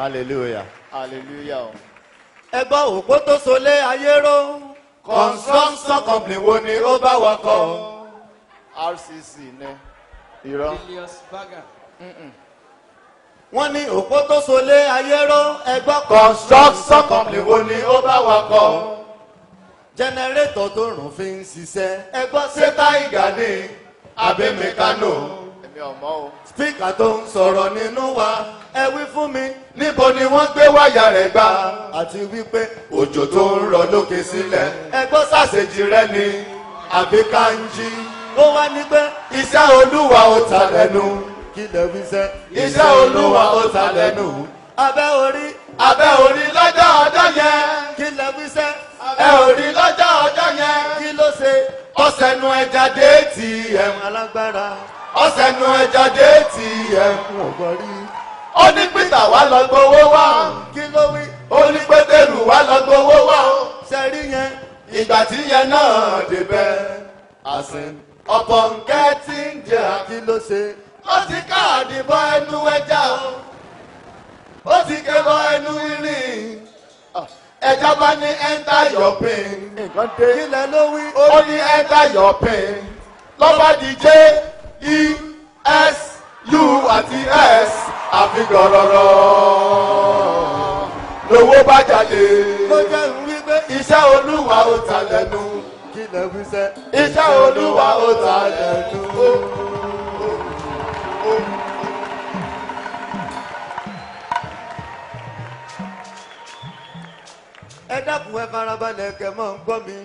hallelujah hallelujah o. ẹ gbọ́ òpó tó so lé ayé ró. construction company wo ni ó bá wa kọ́. rcc ni. irọ́. julius berger. wọ́n ní òpó tó so lé ayé ró ẹ gbọ́. construction company wo ni ó bá wa kọ́. jẹnẹrétọ̀ tó rùn fi ń ṣiṣẹ́. ẹ gbọ́ ṣé táìgà ni abẹ́mẹ̀kánò. èmi o. spíkà tó ń sọ̀rọ̀ nínú wa ẹ wí fún mi níbo ni wọ́n gbé wáyà rẹ̀ gbà àti wípé òjò tó ń rọ lókè sílẹ̀ ẹgbọ́n sàṣejì rẹ ni àbí kanji. ó wá ní pé iṣẹ́ olúwa ó ta lẹ́nu. kí lè wí sẹ́. iṣẹ́ olúwa ó ta lẹ́nu. abẹ́ orí. abẹ́ orí lọ́jọ́ ọjọ́ yẹn. kí lè wí sẹ́. abẹ́ orí lọ́jọ́ ọjọ́ yẹn. kí ló ṣe. ọ̀sẹ̀ ẹja déètì ẹ̀. alágbára. ọ̀sẹ̀ ẹja déètì ẹ̀. wọ́n ó ní Peter wá lọ gbowó wá kí ló wí ó ní Pétérù wá lọ gbowó wá ṣe rí yẹn ìgbà tí yẹn náà débẹ̀ àsìn ọ̀pọ̀ nǹkẹ́ tí ń jẹ́ àkí ló ṣe ó ti káàdì bọ ẹnu ẹja o ó ti ké bọ ẹnu irin ẹja bá ní enter your pain kí lẹ ló wí ó ní enter your pain lọ́ba díje e s fi gbọ̀rọ̀rọ̀ lówó bá jáde. mo jẹ́ wípé iṣẹ́ olúwa ò ta lẹ́nu. kí lè fi ṣe. iṣẹ́ olúwa ò ta lẹ́nu. ẹ dákun ẹ farabalẹ̀ kẹ́ mọ́ gbọ́ mi.